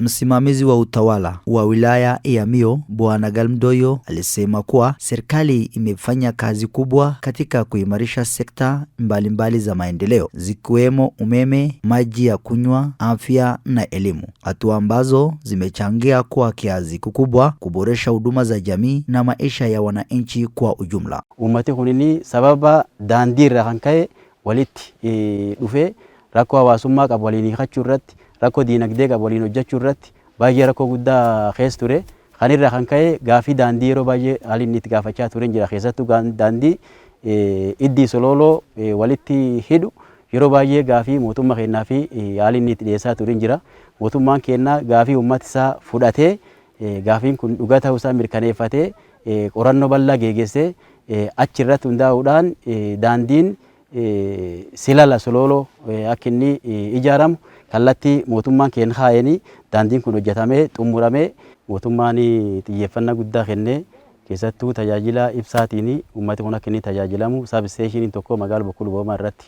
Msimamizi wa utawala wa wilaya ya mio Bwana Galmdoyo alisema kuwa serikali imefanya kazi kubwa katika kuimarisha sekta mbalimbali mbali za maendeleo zikiwemo umeme, maji ya kunywa, afya na elimu, hatua ambazo zimechangia kwa kiasi kikubwa kuboresha huduma za jamii na maisha ya wananchi kwa ujumla. umati kunini sababa dandii irraa kan ka'e eh, dufe dhufe rakkoo hawaasummaa waliin rakkoo diinagdee qabu waliin hojjechuu irratti baay'ee rakkoo guddaa keessa ture. Kan irraa kan ka'e gaafii daandii yeroo baay'ee haalli inni itti gaafachaa tureen jira. Keessattuu daandii iddii sololoo walitti hidhu yeroo baay'ee gaafii mootummaa kennaa fi haalli inni itti dhiyeessaa ture jira. Mootummaan kennaa gaafii uummata isaa fudhatee gaafiin kun dhugaa ta'uu isaa mirkaneeffatee qorannoo bal'aa geeggeessee achirratti hundaa'uudhaan daandiin Eh, la sololo eh, akka eh, ijaaramu kallattii mootummaan keen haa'eenii daandiin kun hojjetamee xumuramee mootummaan xiyyeeffannaa guddaa kennee keessattuu tajaajila ibsaatiin uummati kun akka inni tajaajilamu sabsteeshiniin tokko magaala bokkuu Luboomaa irratti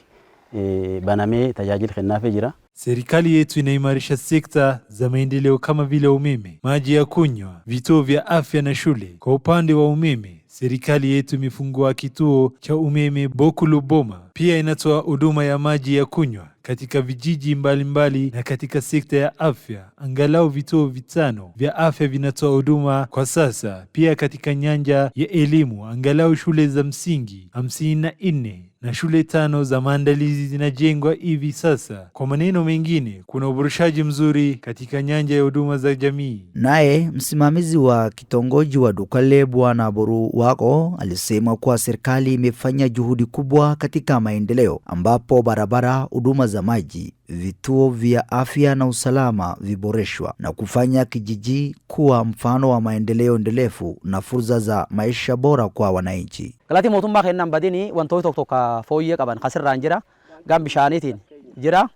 banamee tajaajila kennaafee jira. Serikali yetu inaimarisha sekta za maendeleo kama vile umeme, maji ya kunywa, vituo vya afya na shule. Kwa upande wa umeme Serikali yetu imefungua kituo cha umeme Bokulu Boma. Pia inatoa huduma ya maji ya kunywa katika vijiji mbalimbali mbali na katika sekta ya afya, angalau vituo vitano vya afya vinatoa huduma kwa sasa. Pia katika nyanja ya elimu, angalau shule za msingi hamsini na nne na shule tano za maandalizi zinajengwa hivi sasa. Kwa maneno mengine, kuna uboreshaji mzuri katika nyanja ya huduma za jamii. Naye msimamizi wa kitongoji wa Dukale Bwana Boru Wako alisema kuwa serikali imefanya juhudi kubwa katika maendeleo, ambapo barabara, huduma za maji vituo vya afya na usalama viboreshwa na kufanya kijiji kuwa mfano wa maendeleo endelevu na fursa za maisha bora kwa wananchi. galati mootummaa kenna badini wantoi tok toka fooyya qaban kasirraan jira gam e, bishanitin jira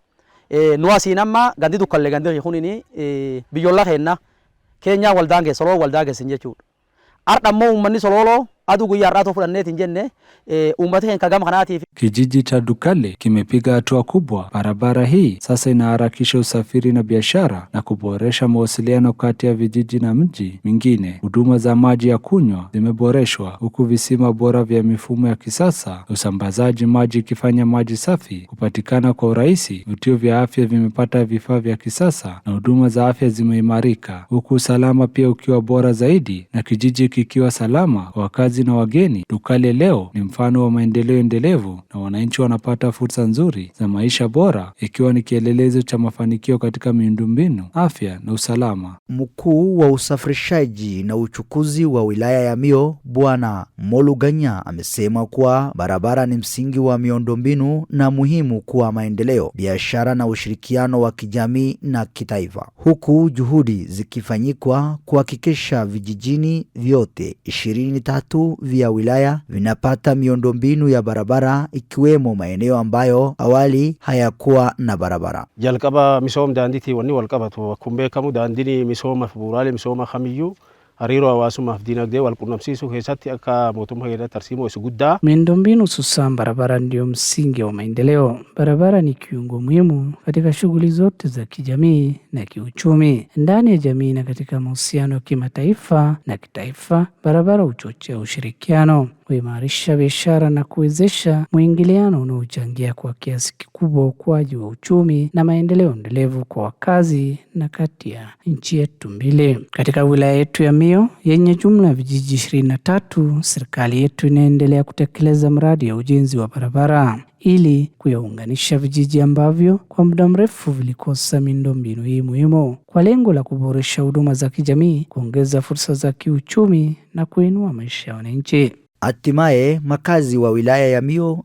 nu asiin gandi dukkalle gandi kunini e, biyolla kenna kenya waldange solo soloo sinjechu keessin jechuudha ardhammoo adu guyyaa har'aatu fudhanneet jenne uummata e, keenya kagama kanaatiif. Kijiji cha Dukale kimepiga hatua kubwa. Barabara hii sasa inaharakisha usafiri na biashara na kuboresha mawasiliano kati ya vijiji na mji mingine. Huduma za maji ya kunywa zimeboreshwa huku visima bora vya mifumo ya kisasa usambazaji maji ikifanya maji safi kupatikana kwa urahisi. Vituo vya afya vimepata vifaa vya kisasa na huduma za afya zimeimarika, huku usalama pia ukiwa bora zaidi na kijiji kikiwa salama wakazi wakazi na wageni. Dukale leo ni mfano wa maendeleo endelevu na wananchi wanapata fursa nzuri za maisha bora, ikiwa ni kielelezo cha mafanikio katika miundombinu, afya na usalama. Mkuu wa usafirishaji na uchukuzi wa wilaya ya Mio Bwana Moluganya amesema kuwa barabara ni msingi wa miundombinu na muhimu kwa maendeleo, biashara na ushirikiano wa kijamii na kitaifa, huku juhudi zikifanyikwa kuhakikisha vijijini vyote ishirini tatu vikuu vya wilaya vinapata miundombinu ya barabara ikiwemo maeneo ambayo awali hayakuwa na barabara. jalkaba misoom daanditi walkabatu walqabatu kumbeekamu daandini misooma buuraalee misooma kamiyu hariiroo hawaasummaa fi dinagdee wal quunnamsiisuu keessatti akka mootummaa keenya tarsiimoo isa guddaa. Miundombinu hususan barabara ndio msingi wa maendeleo. Barabara ni kiungo muhimu katika shughuli zote za kijamii na kiuchumi ndani ya jamii na katika mahusiano ya kimataifa na kitaifa. Barabara huchochea ushirikiano kuimarisha biashara na kuwezesha mwingiliano unaochangia kwa kiasi kikubwa ukuaji wa uchumi na maendeleo endelevu kwa wakazi na kati ya nchi yetu mbili. Katika wilaya yetu ya mio yenye jumla ya vijiji tatu, serikali yetu inaendelea kutekeleza mradi ya ujenzi wa barabara ili kuyaunganisha vijiji ambavyo kwa muda mrefu vilikosa miundombinu hii muhimu kwa lengo la kuboresha huduma za kijamii, kuongeza fursa za kiuchumi na kuinua maisha ya wananchi. Hatimaye makazi wa wilaya ya Mio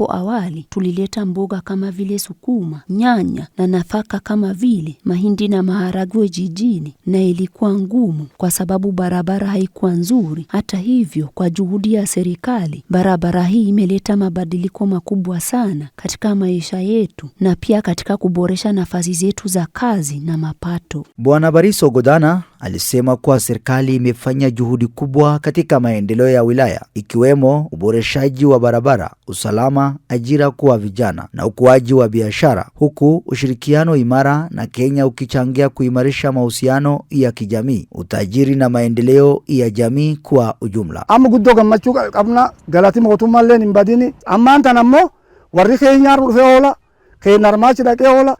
Hapo awali tulileta mboga kama vile sukuma, nyanya na nafaka kama vile mahindi na maharagwe jijini, na ilikuwa ngumu kwa sababu barabara haikuwa nzuri. Hata hivyo, kwa juhudi ya serikali, barabara hii imeleta mabadiliko makubwa sana katika maisha yetu na pia katika kuboresha nafasi zetu za kazi na mapato. Bwana Bariso Godana alisema kuwa serikali imefanya juhudi kubwa katika maendeleo ya wilaya ikiwemo uboreshaji wa barabara, usalama, ajira kwa vijana na ukuaji wa biashara, huku ushirikiano imara na Kenya ukichangia kuimarisha mahusiano ya kijamii, utajiri na maendeleo ya jamii kwa ujumla. ama guddoo gammachuu qabna galati mootummaallee hin badini ammaantan ammoo warri keenyaan dhufee oola keenarmaachi dhaqee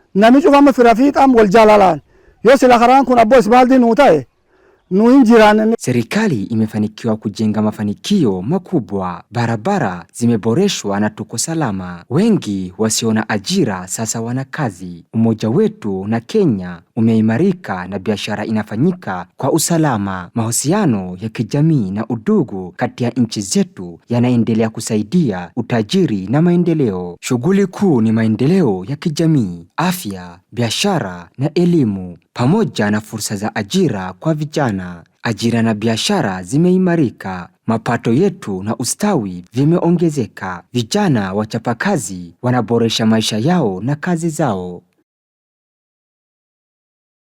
Yo, sila karan kun abo isbaldi nuta e. Eh? Serikali imefanikiwa kujenga mafanikio makubwa, barabara zimeboreshwa na tuko salama. Wengi wasiona ajira sasa wana kazi. Umoja wetu na Kenya umeimarika na biashara inafanyika kwa usalama. Mahusiano ya kijamii na udugu kati ya nchi zetu yanaendelea kusaidia utajiri na maendeleo. Shughuli kuu ni maendeleo ya kijamii, afya, biashara na elimu pamoja na fursa za ajira kwa vijana sana, ajira na biashara zimeimarika, mapato yetu na ustawi vimeongezeka. Vijana wachapakazi wanaboresha maisha yao na kazi zao.